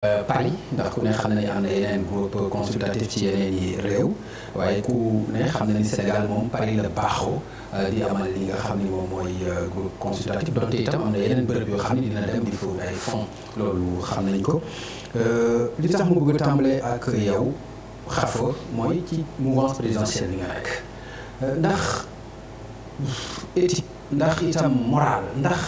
Euh, Paris ndax ku ne xam na ni am na yeneen groupe consultatif ci yeneen yi réew waaye ku ne xam na ni Sénégal moom Paris la baaxoo euh, di amal li nga xam ni moom mooy euh, groupe consultatif donte itam am na yeneen bërëb yoo xam ni dina dem di fóot ay fonds loolu xam nañ ko li tax mu bëgg a tàmbalee ak yow xafa mooy ci mouvance présidentielle bi nga nekk ndax éthique ndax itam morale ndax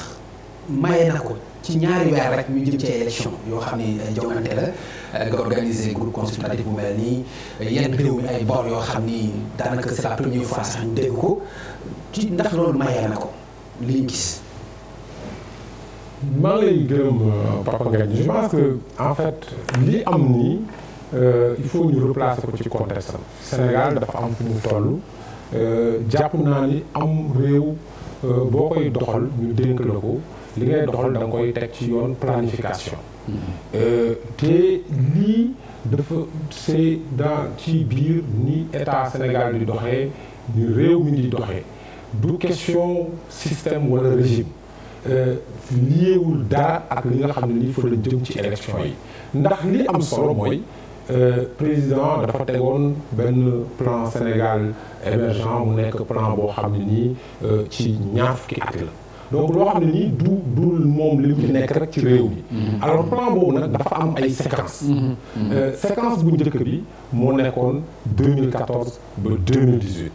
maye na ko ci ñaari weer rek ñu jëm ci élection yoo xam ni euh, jongante la euh, nga organiser groupe consultatif bu mel nii yenn réew mi ay bor yoo xam ni daanaka sa la première fois sax dégg ko ci ndax loolu mayee na ko li ñu gis. maa ngi lay euh, Papa Ngagne je pense que en li am nii il faut ñu replacer ko ci contexte Sénégal dafa am fu mu toll jàpp naa ni am réew boo koy doxal ñu dénk la ko. li ngay doxal da nga koy teg ci yoon planification mm-hmm. euh, te lii dafa c'est dans ci biir ni état Sénégal di doxee ni réew mi di doxee du question système wala régime euh, liéewul dara ak li nga xam ne nii fa la jëm ci élection yi ndax li am solo mooy euh, président dafa tegoon benn plan Sénégal émergent mu nekk plan boo xam ne nii ci ñaar fukki at la donc loo xam ne nii du dul moom li fi nekk ci réew mi. Mm-hmm. alors plan boobu nag dafa am ay séquence mm-hmm. mm-hmm. euh, séquence bu njëkk bi moo nekkoon 2014 ba 2018.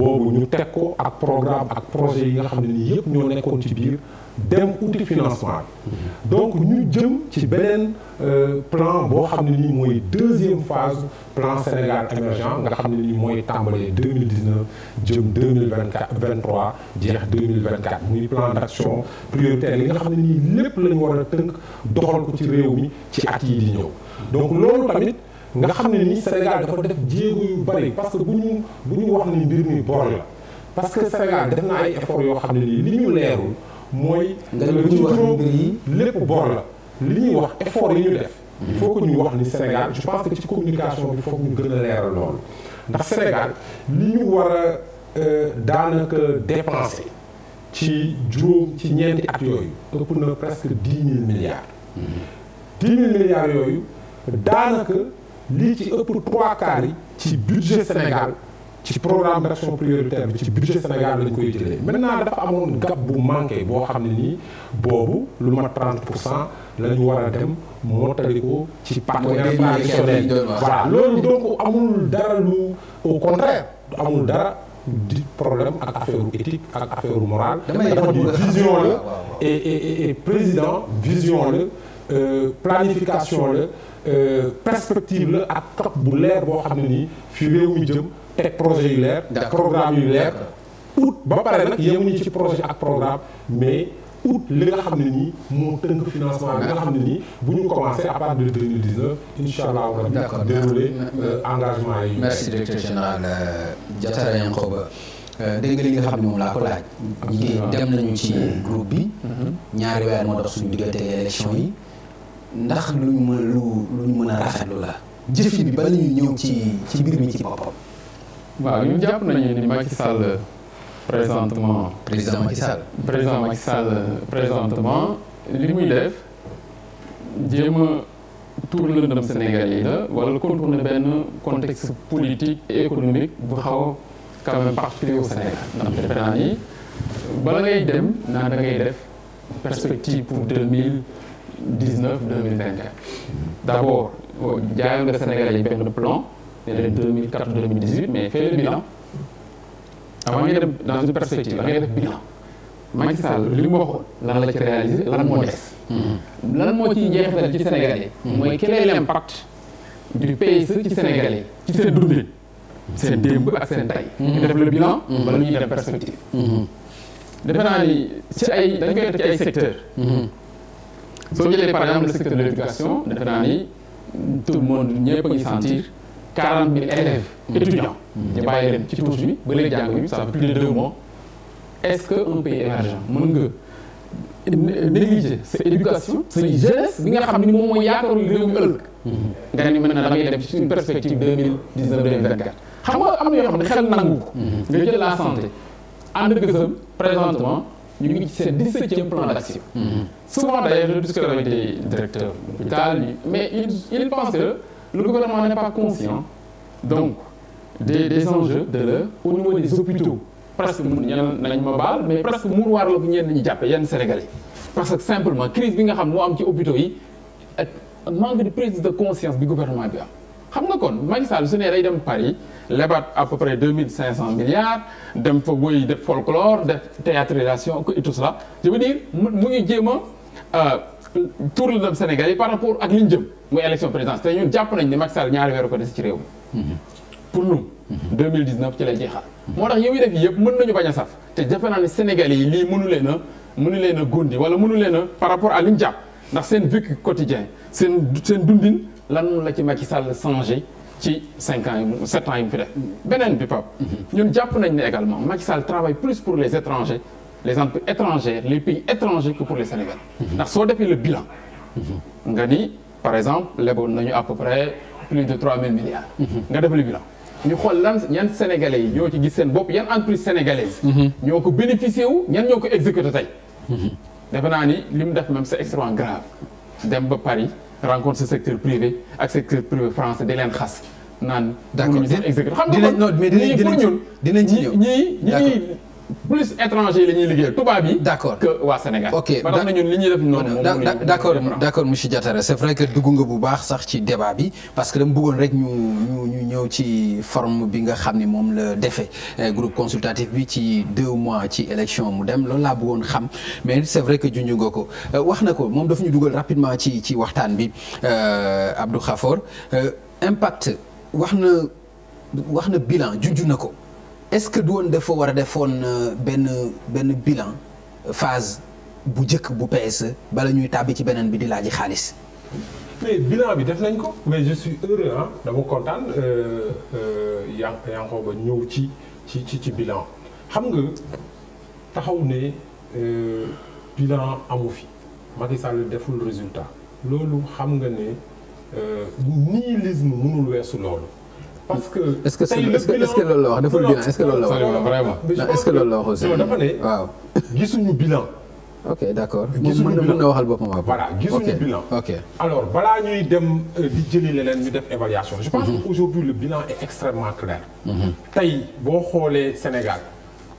boobu ñu teg ko ak programme ak projet yi nga xam ne nii yëpp ñoo nekkoon ci biir. dem uti financement donc ñu jëm ci beneen euh, plan boo xam ne ni mooy deuxième phase plan Sénégal émergent nga xam ne ni mooy tàmbalee 2019 jëm 2024 23 jeex 2024 muy plan d'action prioritaire yi nga xam ne nii lépp la ñu war a tënk doxal ko ci réew mi ci at yi di ñëw donc loolu tamit nga xam ne ni Sénégal dafa def jéego yu bari parce que bu ñu bu ñu wax ni mbir mi bor la parce que Sénégal def na ay effort yoo xam ne nii li ñu leerul mooy. nga ne bu ñu wax lépp bor la. li ñuy wax effort yi ñu def. il faut que ñu wax ni Sénégal je pense que ci communication bi foog ñu gën a loolu. ndax Sénégal li ñu war a euh, daanaka dépenser ci juróom ci ñeenti at yooyu ëpp na presque dix mille milliards. dix mille milliards yooyu daanaka lii ci ëpp trois quarts yi ci budget Sénégal. ci programme d' action prioritaire bi ci budget Sénégal lañ koy jëlee maintenant dafa amoon gap bu manqué boo xam ne nii boobu lu ma 30 pour cent la ñu war a dem moo mottali ko ci partenaire traditionnel voilà loolu donc amul dara lu au contraire amul dara di problème ak affaire éthique ak affaire morale dafa di vision la et et président vision la euh, planification la euh, perspective la ak cap bu leer boo xam ne nii fi réew jëm teg projet yu leer programme yu leer ut ba pare nag yemuñu ci projet ak programme mais ut li nga xam ne nii moo tënk financement bi nga xam ne nii bu ñu commencé à partir de 2019 incha allahu rabi d'accord déroulé euh, engagement yi merci directeur général euh, Diatara Yankoba euh, dégg nga li nga dem nañu ci groupe bi mhm. ñaari weer moo dox suñu diggante élection yi ndax luñ mën lu luñ mën a rafetlu la jëfin bi ba la ñuy ñëw ci ci mbir mi ci boppam waaw ñu jàpp nañu ni Macky Sall présentement. président Macky Sall. président Macky Sall présentement li muy def jéem a tuur lëndëm Sénégal yi la wala contourner benn contexte politique et économique bu xaw a quand même particulier au Sénégal ndax defe naa bala ngay dem naa da ngay def perspective pour deux mille dix neuf jaayal nga Sénégal yi benn plan. les 2004 2018 mais fais le bilan dem dans une perspective da ngay def bilan Macky Sall li mu waxoon lan la ci réaliser lan moo des hmm. lan moo ciy njeexital ci Sénégalais hmm. mooy quel est l'impact du PSE ci Sénégalais ci seen dundin seen démb ak seen tay hmm. ñu def le bilan bala ñuy dem perspective defe ci ay dañ koy ci ay secteurs soo jëlee par secteur de l'éducation defe naa ni tout le a ngi quarante mille élèves hmm. étudiants hmm. ñu bàyyi leen ci tuus bi jàng bi ça fait deux mois est-ce que un pays émergent mën nga négliger sa éducation sa jeunesse bi nga xam ni moom mooy yaakaaru réew mi ëllëg hmm. nga ni mën na damay dem ci une perspective xam nga xam ne xel nangu nga jël la santé ànd gësam présentement ñu ngi ci seen dix souvent d'ailleurs je discute avec des directeurs d'hôpital mais il pense que le gouvernement n'est pas conscient donc des des enjeux de l'heure au niveau des hôpitaux presque mun ñenn nañ ma baal mais presque mun waar la bu ñenn ñi jàppe yenn Sénégalais parce que simplement crise bi nga xam moo am ci hôpitaux yi manque de prise de conscience bi gouvernement bi am xam nga kon Macky Sall su ne day dem Paris lebaat à peu près mille cinq cent milliards dem fa wéy def folklore def théâtralisation et tout cela je dire mu ngi jéem euh, tour le dab Sénégal yi par rapport ak li ñu jëm muy élection présidentielle te ñun jàpp nañ ne Macky Sall ñaari weeru ko des ci réew mi pour lum 2019 ci lay jeexal moo tax yow yi def yëpp mën nañu bañ a saf te defe naa ne Sénégal yi lii mënu leen a mënu leen a góndi wala mënu leen par rapport à li jàpp ndax seen vécu quotidien seen seen dundin lan la ci Macky Sall changé ci cinq ans yi sept ans yi fi def beneen bi Pape ñun jàpp nañ ne également Macky Sall p plus pour les étrangers les entreprises étrangères les pays étrangers que pour les Sénégalais. ndax soo defee le bilan. nga ni par exemple leboon nañu à peu près plus de 3000 milliards. nga def le bilan ñu xool lan yan sénégalais yi ñoo ci gis seen bopp yan entreprise sénégalaise. ñoo ko bénéficié wu ñan ñoo ko exécuté tey. defe naa ni li mu def même c'est extrêmement grave dem ba Paris rencontre ce secteur privé ak secteur privé français de leen xas. naan d'accord pour ñu seen exécuté xam plus étranger la ñuy liggéeyal tubaab yi. d' accord que waa Sénégal. ok ba tax na ñun li ñuy def noonu. d' accord d' accord monsieur Diatara c' est vrai que dugg nga bu débat bi parce que dama bëggoon rek ñu ñu ñu ñëw ci forme bi nga xam ne moom la defee eh, groupe consultatif bi ci deux mois ci élection mu dem loolu laa bëggoon xam mais c' est vrai que junj nga ko eh, wax na ko moom dafa ñu dugal rapidement ci ci waxtaan bi eh, Abdou Khafor impact wax na wax na bilan junj na ko. est-ce que du woon dafa war a defoon euh, benn benn bilan euh, phase bu njëkk bu PSE bala ñuy tàbbi ci beneen bi di laaji xaalis. mais bilan bi def nañ ko mais je suis heureux dama kontaan euh, yaa ba ñëw ci ci ci ci bilan xam nga taxaw ne bilan amu fi Macky Sall deful résultat loolu xam nga ne nihilisme mënul weesu loolu. parce que est-ce que est-ce que loolu la wax deful bilan est-ce que loolu la wax. vraiment est wax aussi. non dafa ne waaw gisuñu bilan. ok d'accord gisuñu bilan ok balaa ñuy dem euh, di jëli leneen ñu def évaluation. je pense mhm. que aujourd'hui le bilan est extrêmement clair. Mhm. tey boo xoolee Sénégal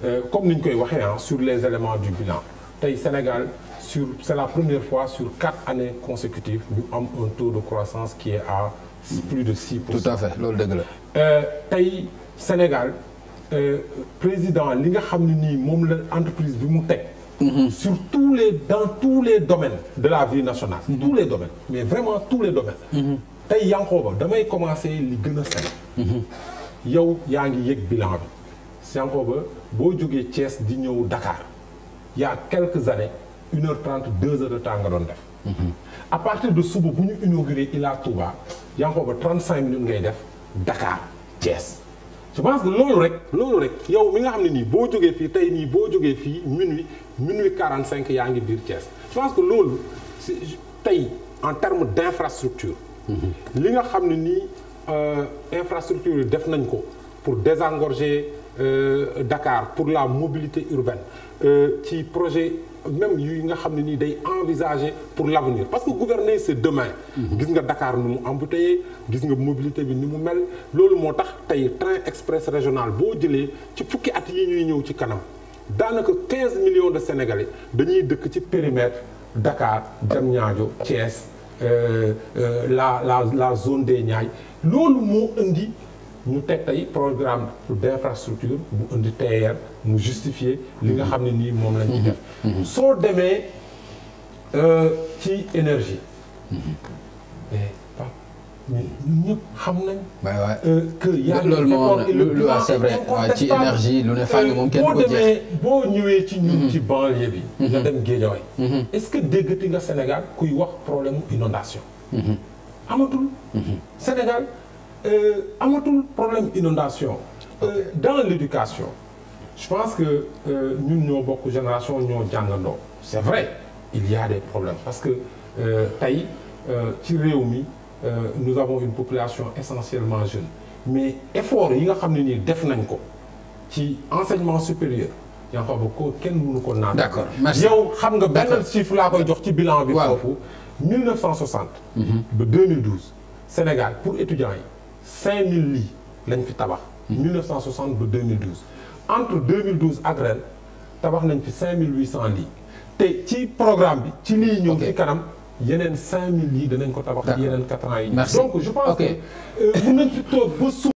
euh, comme ni ñu koy waxee ah sur les éléments du bilan tey Sénégal. sur c'est la première fois sur quatre années consécutives ñu am un taux de croissance qui est à plus de 6 pour cent. tout à loolu dégg la. Euh, tey Sénégal euh, président li nga xam ne nii moom la entreprise bi mu teg. Mhm. sur tous les dans tous les domaines. de la vie nationale. Mhm. tous les domaines mais vraiment tous les domaines. Mhm. tey Yankoba damay commencer li gën a sell. yow yaa ngi yëg bilan bi. ba boo jógee Thiès di ñëw dakaar yaa a quelques années. une heure trente deux heures de temps nga doon def. à partir de suba bu ñu inauguré Ila Touba yaa ngi ko ba trente cinq minutes ngay def Dakar Thiès. je pense que loolu rek loolu rek yow mi nga xam ne nii boo jógee fii tey nii boo jógee fii minuit minuit quarante cinq yaa ngi biir Thiès je pense que loolu tey en terme d' infrastructure. li nga xam ne nii euh, infrastructure yi def nañ ko pour désengorger euh, Dakar pour la mobilité urbaine euh, ci projet. même yu nga xam ne nii day envisager pour l'avenir parce que gouverner c'est demain. Mhm. gis nga dakaar nu mu am embouteillé gis nga mobilité bi ni mu mel loolu moo tax tey train express régional boo jëlee ci fukki at yi ñuy ñëw ci kanam daanaka 15 millions de Sénégalais dañuy dëkk ci périmètre Dakar Diamniadio Thiès euh, euh, la la la zone des Niayes loolu moo indi. ñu teg tey programme d' infrastructure bu indi TER mu justifier li nga xam ne nii moom lañ ci def soo demee euh, ci énergie eh, mais ñun xam nañ. waaw waaw euh, que loolu moom c'est vrai ci énergie lu ne euh, fànn moom kenn du ko jeex. boo demee ñëwee ci ñu mm-hmm. ci banlieue bi. Mm-hmm. nga dem Guédiawaye. Mm-hmm. est-ce que déggati nga Sénégal kuy wax problème inondation. amatul. Sénégal. Euh, amatul problème inondation euh, dans l'éducation je pense que euh, ñun ñoo bokk génération ñoo jàngandoo c'est vrai il y des problèmes parce que tey ci réew mi nous avons une population essentiellement jeune mais effort yi nga xam ne nii def nañ ko ci enseignement supérieur yaa ngi xam ko kenn mënu ko naan. d'accord merci yow xam nga benn chiffre laa koy jox ci bilan bi. waaw foofu 1960. Mhm. ba 2012 Sénégal pour étudiants yi. 5000 lits lañ fi tabax. 1960 ba 2012. entre 2012 ak ren tabax nañ fi 5800 lits te ci programme bi. ci lii ñëw ci kanam yeneen 5000 lits danañ ko tabax. yeneen 4 ans yi. donc je pense que euh, mun nañ fi toog ba